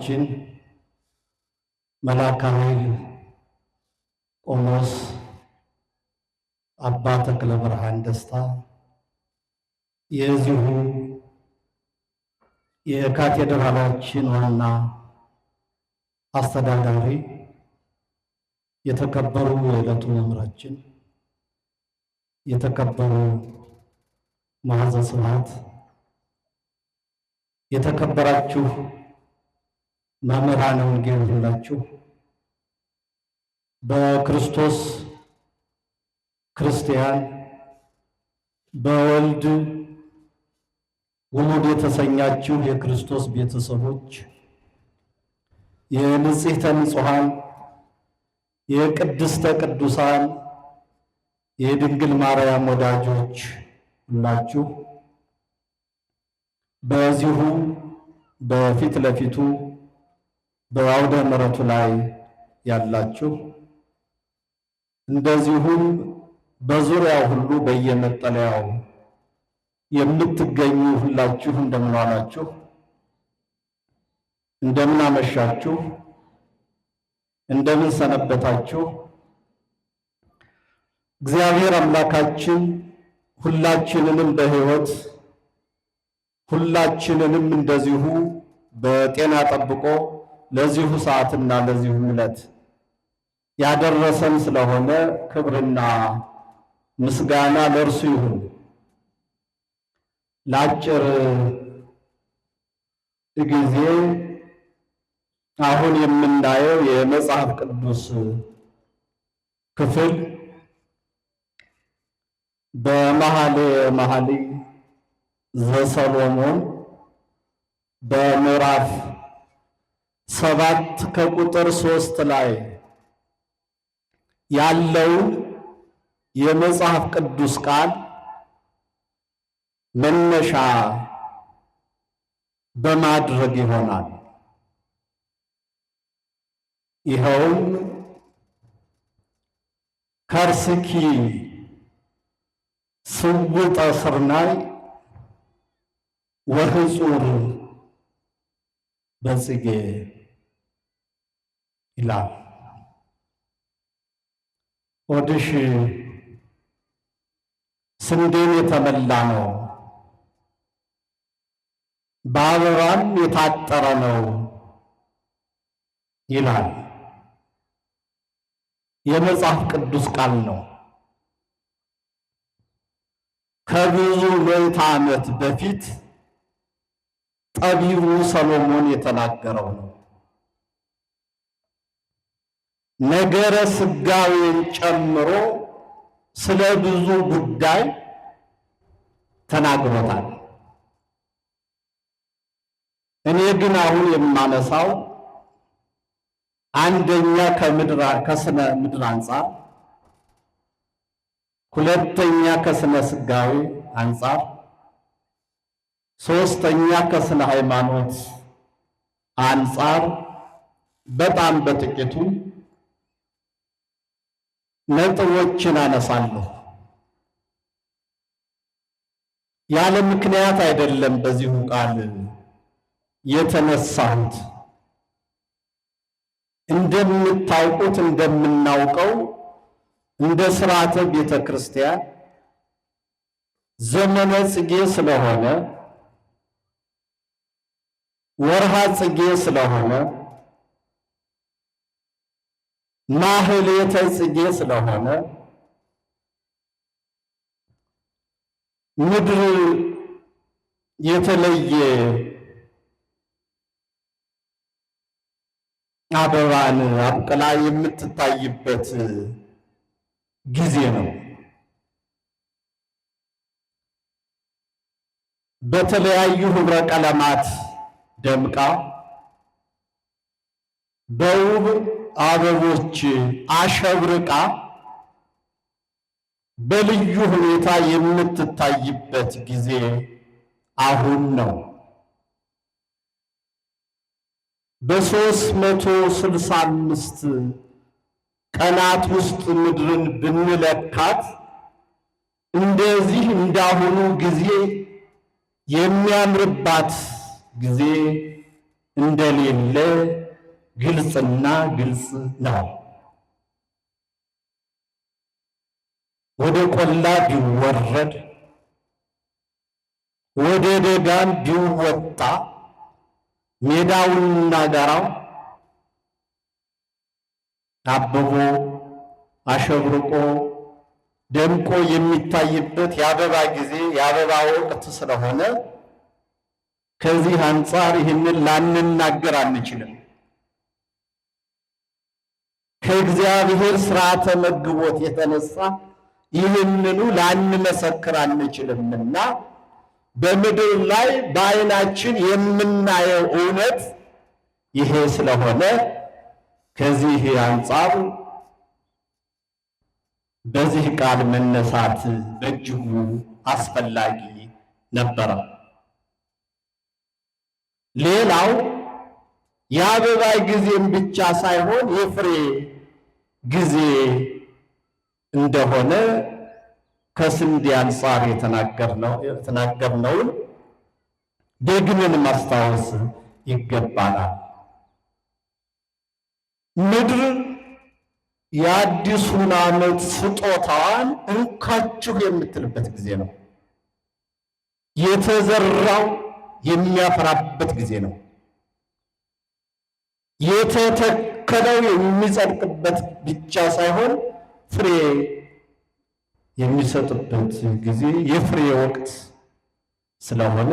አባታችን መላከ ኃይል ቆሞስ አባ ተክለ ብርሃን ደስታ የዚሁ የካቴድራላችን ዋና አስተዳዳሪ፣ የተከበሩ የዕለቱ መምራችን የተከበሩ ማዕዘ ስብሐት፣ የተከበራችሁ መምህራነ ወንጌል ሁላችሁ በክርስቶስ ክርስቲያን በወልድ ውሉድ የተሰኛችሁ የክርስቶስ ቤተሰቦች የንጽሕተ ንጹሐን የቅድስተ ቅዱሳን የድንግል ማርያም ወዳጆች ሁላችሁ በዚሁ በፊት ለፊቱ በአውደ ምረቱ ላይ ያላችሁ እንደዚሁም በዙሪያው ሁሉ በየመጠለያው የምትገኙ ሁላችሁ እንደምን ዋላችሁ፣ እንደምን አመሻችሁ፣ እንደምን ሰነበታችሁ። እግዚአብሔር አምላካችን ሁላችንንም በሕይወት ሁላችንንም እንደዚሁ በጤና ጠብቆ ለዚሁ ሰዓትና ለዚሁ ዕለት ያደረሰን ስለሆነ ክብርና ምስጋና ለእርሱ ይሁን። ለአጭር ጊዜ አሁን የምናየው የመጽሐፍ ቅዱስ ክፍል በመኃልየ መኃልይ ዘሰሎሞን በምዕራፍ ሰባት ከቁጥር ሶስት ላይ ያለውን የመጽሐፍ ቅዱስ ቃል መነሻ በማድረግ ይሆናል። ይኸውም ከርስኪ ስውጠ ስርናይ ወህጹር በጽጌ ይላል። ሆድሽ ስንዴን የተመላ ነው፣ በአበባም የታጠረ ነው ይላል። የመጽሐፍ ቅዱስ ቃል ነው። ከብዙ ምዕተ ዓመት በፊት ጠቢቡ ሰሎሞን የተናገረው ነው። ነገረ ስጋዊን ጨምሮ ስለ ብዙ ጉዳይ ተናግሮታል። እኔ ግን አሁን የማነሳው አንደኛ ከስነ ምድር አንጻር፣ ሁለተኛ ከስነ ስጋዊ አንጻር፣ ሶስተኛ ከስነ ሃይማኖት አንጻር በጣም በጥቂቱ ነጥቦችን አነሳለሁ። ያለ ምክንያት አይደለም በዚሁ ቃል የተነሳሁት። እንደምታውቁት እንደምናውቀው እንደ ስርዓተ ቤተ ክርስቲያን ዘመነ ጽጌ ስለሆነ ወርሃ ጽጌ ስለሆነ ማህሌተ ጽጌ ስለሆነ ምድር የተለየ አበባን አብቅላ የምትታይበት ጊዜ ነው። በተለያዩ ህብረ ቀለማት ደምቃ በውብ አበቦች አሸብርቃ በልዩ ሁኔታ የምትታይበት ጊዜ አሁን ነው። በሦስት መቶ ስልሳ አምስት ቀናት ውስጥ ምድርን ብንለካት እንደዚህ እንዳሁኑ ጊዜ የሚያምርባት ጊዜ እንደሌለ ግልጽና ግልጽ ነው። ወደ ቆላ ቢወረድ ወደ ደጋም ቢወጣ ሜዳውንና ጋራው አብቦ አሸብርቆ ደምቆ የሚታይበት የአበባ ጊዜ የአበባ ወቅት ስለሆነ ከዚህ አንጻር ይህንን ላንናገር አንችልም። ከእግዚአብሔር ስርዓተ መግቦት የተነሳ ይህንኑ ላንመሰክር አንችልምና በምድር ላይ በዓይናችን የምናየው እውነት ይሄ ስለሆነ ከዚህ አንጻር በዚህ ቃል መነሳት በእጅጉ አስፈላጊ ነበረ። ሌላው የአበባ ጊዜም ብቻ ሳይሆን የፍሬ ጊዜ እንደሆነ ከስንዴ አንጻር የተናገርነውን ደግመን ማስታወስ ይገባናል። ምድር የአዲሱን ዓመት ስጦታዋን እንካችሁ የምትልበት ጊዜ ነው። የተዘራው የሚያፈራበት ጊዜ ነው። የተተ ከዳው የሚጸድቅበት ብቻ ሳይሆን ፍሬ የሚሰጥበት ጊዜ የፍሬ ወቅት ስለሆነ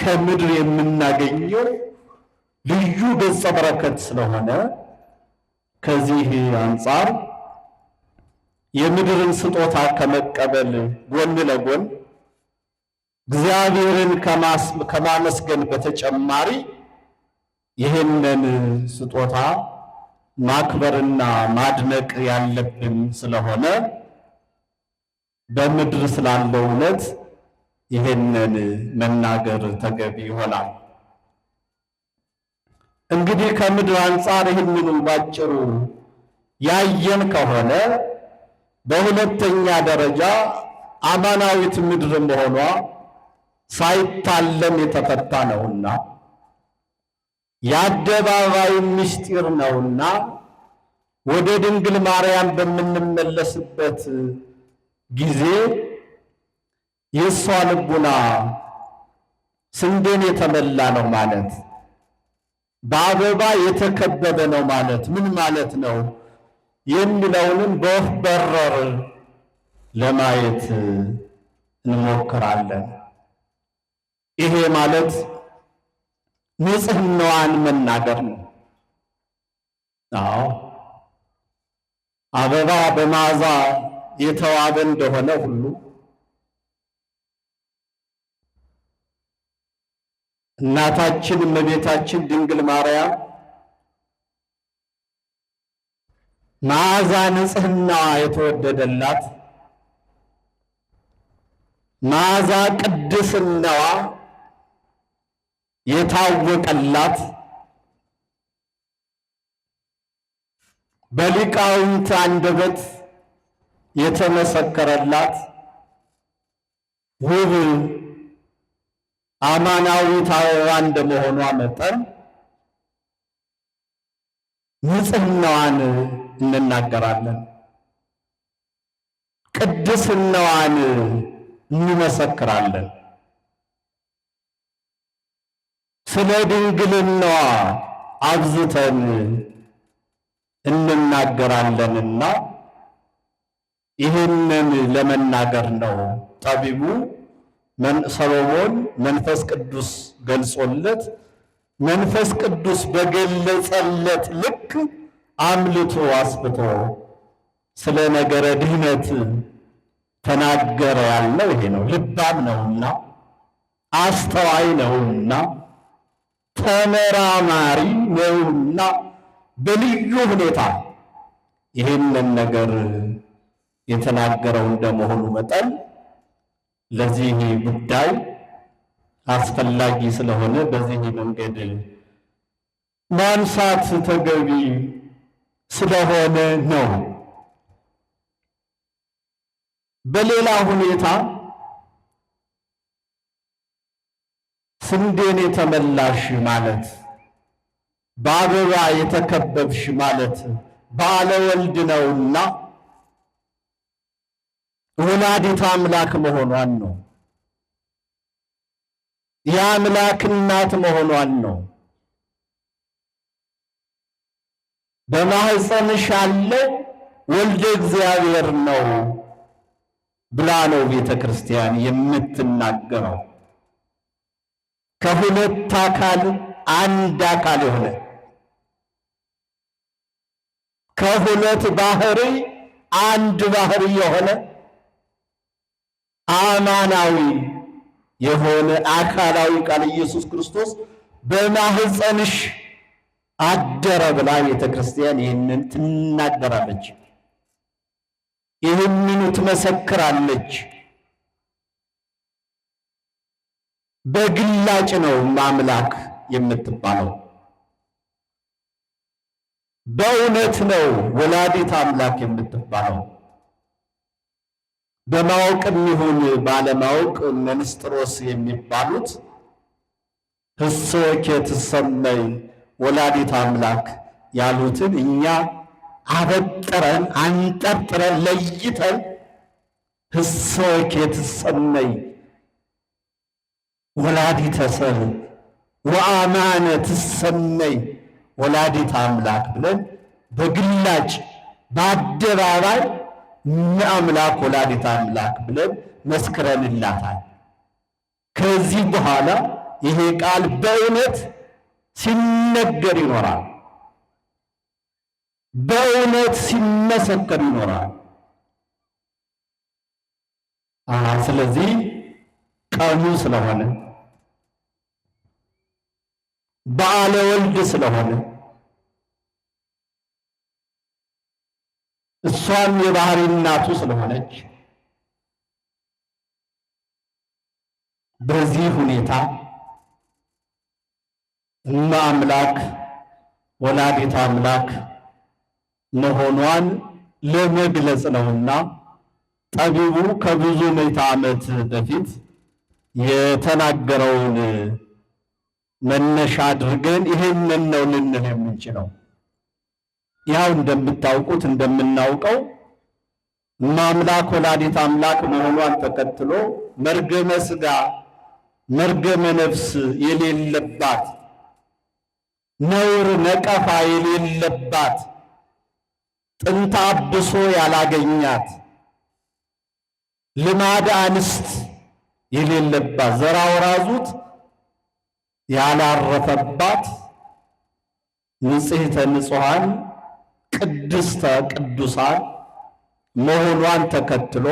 ከምድር የምናገኘው ልዩ ገጸ በረከት ስለሆነ ከዚህ አንጻር የምድርን ስጦታ ከመቀበል ጎን ለጎን እግዚአብሔርን ከማመስገን በተጨማሪ ይህንን ስጦታ ማክበርና ማድነቅ ያለብን ስለሆነ በምድር ስላለው እውነት ይህንን መናገር ተገቢ ይሆናል። እንግዲህ ከምድር አንጻር ይህንኑ ባጭሩ ያየን ከሆነ በሁለተኛ ደረጃ አማናዊት ምድር መሆኗ ሳይታለም የተፈታ ነውና የአደባባይ ምስጢር ነውና ወደ ድንግል ማርያም በምንመለስበት ጊዜ የእሷ ልቡና ስንዴን የተመላ ነው ማለት በአበባ የተከበበ ነው ማለት ምን ማለት ነው የሚለውንም በወፍ በረር ለማየት እንሞክራለን። ይሄ ማለት ንጽህናዋን መናገር ነው። አዎ አበባ በመዓዛ የተዋበ እንደሆነ ሁሉ እናታችን እመቤታችን ድንግል ማርያም መዓዛ ንጽህናዋ የተወደደላት መዓዛ ቅድስናዋ የታወቀላት በሊቃውንት አንደበት የተመሰከረላት ውብ አማናዊት አበባ እንደመሆኗ መጠን ንጽህናዋን እንናገራለን፣ ቅድስናዋን እንመሰክራለን። ስለ ድንግልናዋ አብዝተን እንናገራለንና ይህንን ለመናገር ነው ጠቢቡ ሰሎሞን መንፈስ ቅዱስ ገልጾለት መንፈስ ቅዱስ በገለጸለት ልክ አምልቶ አስብቶ ስለ ነገረ ድህነት ተናገረ ያለው ይሄ ነው። ልባም ነውና አስተዋይ ነውና ተመራማሪ ነውና በልዩ ሁኔታ ይህንን ነገር የተናገረው እንደመሆኑ መጠን ለዚህ ጉዳይ አስፈላጊ ስለሆነ በዚህ መንገድ ማንሳት ተገቢ ስለሆነ ነው። በሌላ ሁኔታ ስንዴን የተመላሽ ማለት በአበባ የተከበብሽ ማለት ባለ ወልድ ነውና ወላዲተ አምላክ መሆኗን ነው። የአምላክ እናት መሆኗን ነው። በማህፀንሽ ያለው ወልደ እግዚአብሔር ነው ብላ ነው ቤተ ክርስቲያን የምትናገረው። ከሁለት አካል አንድ አካል የሆነ ከሁለት ባህሪ አንድ ባህሪ የሆነ አማናዊ የሆነ አካላዊ ቃል ኢየሱስ ክርስቶስ በማህፀንሽ አደረ ብላ ቤተ ክርስቲያን ይህንን ትናገራለች፣ ይህንኑ ትመሰክራለች። በግላጭ ነው ማምላክ የምትባለው። በእውነት ነው ወላዲት አምላክ የምትባለው። በማወቅ የሚሆን ባለማወቅ መንስጥሮስ የሚባሉት ህስወኬ ትሰመይ ወላዲት አምላክ ያሉትን እኛ አበጥረን አንጠርጥረን ለይተን ህስወኬ ትሰመይ ወላዲተ ሰብ ወአማነ ትሰመይ ወላዲት አምላክ ብለን በግላጭ በአደባባይ አምላክ ወላዲት አምላክ ብለን መስክረንላታል። ከዚህ በኋላ ይሄ ቃል በእውነት ሲነገር ይኖራል። በእውነት ሲመሰከር ይኖራል። ስለዚህ ቀኑ ስለሆነ በዓለ ወልድ ስለሆነ እሷም የባህሪ እናቱ ስለሆነች በዚህ ሁኔታ እማ አምላክ ወላዲት አምላክ መሆኗን ለመግለጽ ነውና ጠቢቡ ከብዙ ምዕተ ዓመት በፊት የተናገረውን መነሻ አድርገን ይሄንን ነው ልንል የምንችለው። ያው እንደምታውቁት እንደምናውቀው ማምላክ ወላዲት አምላክ መሆኗን ተከትሎ መርገመ ስጋ መርገመ ነፍስ የሌለባት ነውር ነቀፋ የሌለባት ጥንታ አብሶ ያላገኛት ልማድ አንስት የሌለባት ዘራው ራዙት ያላረፈባት ንጽሕተ ንጹሐን ቅድስተ ቅዱሳን መሆኗን ተከትሎ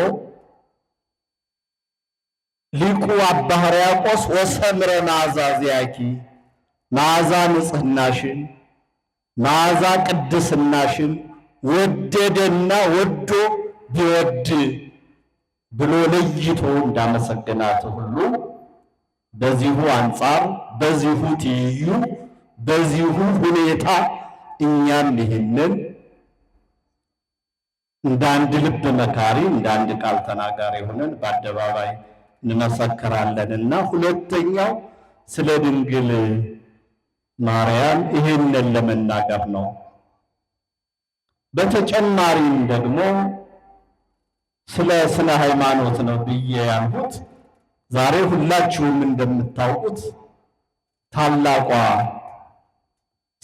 ሊቁ አባ ሕርያቆስ ወሰምረ ናዛ ዚያኪ ናዛ ንጽህናሽን ናዛ ቅድስናሽን ወደደና ወዶ ቢወድ ብሎ ለይቶ እንዳመሰገናት ሁሉ በዚሁ አንጻር በዚሁ ትይዩ በዚሁ ሁኔታ እኛም ይህንን እንደ አንድ ልብ መካሪ እንደ አንድ ቃል ተናጋሪ ሆነን በአደባባይ እንመሰክራለን እና ሁለተኛው ስለ ድንግል ማርያም ይህንን ለመናገር ነው። በተጨማሪም ደግሞ ስለ ስነ ሃይማኖት ነው ብዬ ያልሁት ዛሬ ሁላችሁም እንደምታውቁት ታላቋ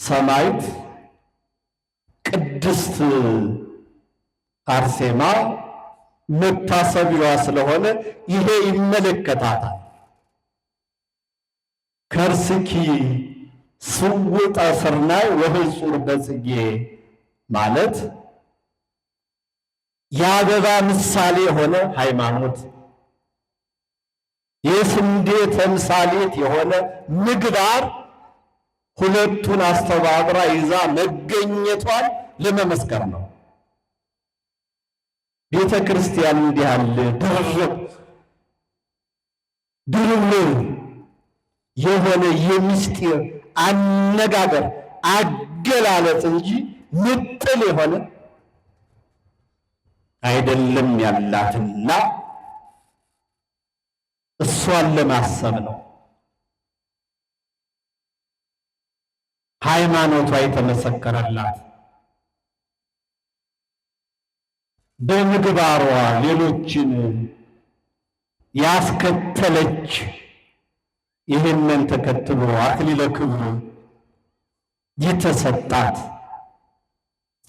ሰማዕት ቅድስት አርሴማ መታሰቢዋ ስለሆነ ይሄ ይመለከታታል። ከርስኪ ስውጠ ስርናይ ወህጹር በጽጌ ማለት የአበባ ምሳሌ የሆነ ሃይማኖት የስንዴ ተምሳሌት የሆነ ምግባር ሁለቱን አስተባብራ ይዛ መገኘቷን ለመመስከር ነው። ቤተ ክርስቲያን እንዲህ አለ ድርብ ድርብርብ የሆነ የምስጢር አነጋገር አገላለጽ እንጂ ምጥል የሆነ አይደለም ያላትና ራሷን ለማሰብ ነው። ሃይማኖቷ የተመሰከረላት በምግባሯ ሌሎችን ያስከተለች ይህንን ተከትሎ አክሊለ ክብር የተሰጣት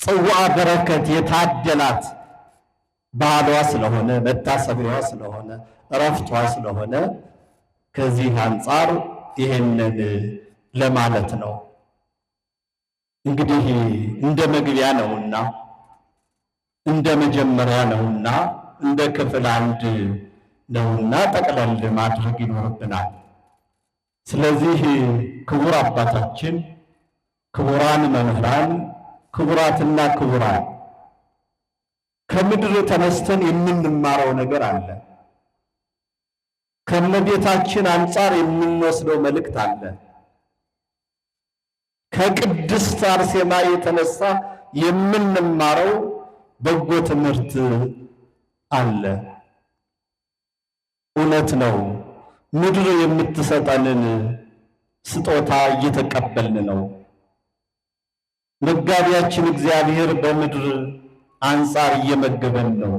ጽዋ በረከት የታደላት ባህሏ ስለሆነ መታሰቢያዋ ስለሆነ እረፍቷ ስለሆነ ከዚህ አንጻር ይሄንን ለማለት ነው። እንግዲህ እንደ መግቢያ ነውና እንደ መጀመሪያ ነውና እንደ ክፍል አንድ ነውና ጠቅለል ማድረግ ይኖርብናል። ስለዚህ ክቡር አባታችን፣ ክቡራን መምህራን፣ ክቡራትና ክቡራን ከምድር ተነስተን የምንማረው ነገር አለ። ከእመቤታችን አንጻር የምንወስደው መልእክት አለ። ከቅድስት አርሴማ የተነሳ የምንማረው በጎ ትምህርት አለ። እውነት ነው፣ ምድር የምትሰጠንን ስጦታ እየተቀበልን ነው። መጋቢያችን እግዚአብሔር በምድር አንጻር እየመገበን ነው።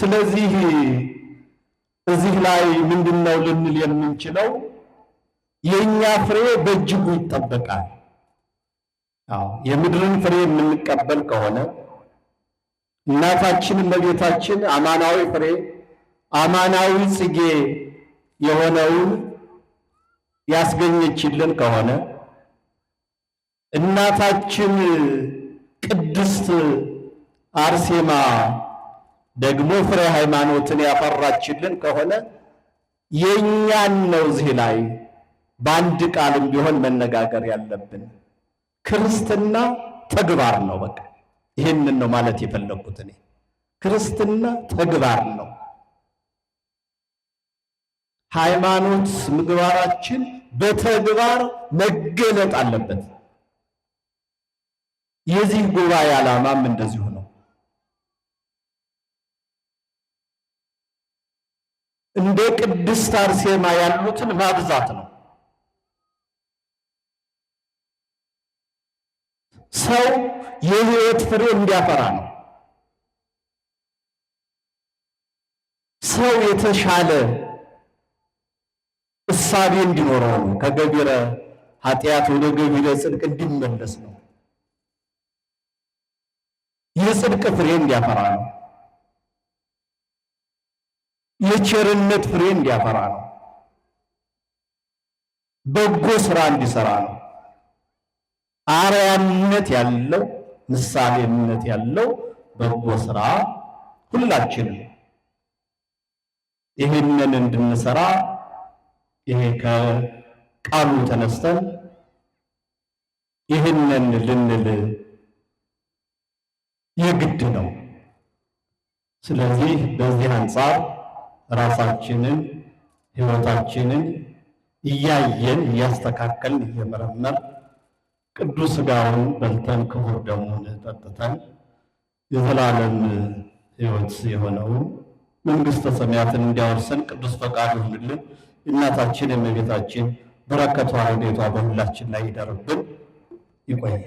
ስለዚህ እዚህ ላይ ምንድነው ልንል የምንችለው? የእኛ ፍሬ በእጅጉ ይጠበቃል። አዎ የምድርን ፍሬ የምንቀበል ከሆነ እናታችን ለቤታችን አማናዊ ፍሬ አማናዊ ጽጌ የሆነውን ያስገኘችልን ከሆነ እናታችን ቅድስት አርሴማ ደግሞ ፍሬ ሃይማኖትን ያፈራችልን ከሆነ የእኛን ነው እዚህ ላይ በአንድ ቃልም ቢሆን መነጋገር ያለብን። ክርስትና ተግባር ነው። በቃ ይህንን ነው ማለት የፈለግኩት እኔ። ክርስትና ተግባር ነው። ሃይማኖት ምግባራችን በተግባር መገለጥ አለበት። የዚህ ጉባኤ ዓላማም እንደዚሁ ነው። እንደ ቅድስት አርሴማ ያሉትን ማብዛት ነው። ሰው የህይወት ፍሬ እንዲያፈራ ነው። ሰው የተሻለ እሳቤ እንዲኖረው ነው። ከገቢረ ኃጢአት ወደ ገቢረ ጽድቅ እንዲመለስ ነው። የጽድቅ ፍሬ እንዲያፈራ ነው። የቸርነት ፍሬ እንዲያፈራ ነው። በጎ ስራ እንዲሰራ ነው። አርያነት ያለው ምሳሌነት ያለው በጎ ስራ ሁላችንም ይህንን እንድንሰራ ይሄ ከቃሉ ተነስተን ይህንን ልንል የግድ ነው። ስለዚህ በዚህ አንጻር ራሳችንን ህይወታችንን እያየን እያስተካከልን እየመረመር ቅዱስ ሥጋውን በልተን ክቡር ደሙን ጠጥተን የዘላለም ህይወት የሆነውን መንግሥተ ሰማያትን እንዲያወርሰን ቅዱስ ፈቃድ ይሁንልን። እናታችን የእመቤታችን በረከቷ ረድኤቷ በሁላችን ላይ ይደርብን። ይቆያል።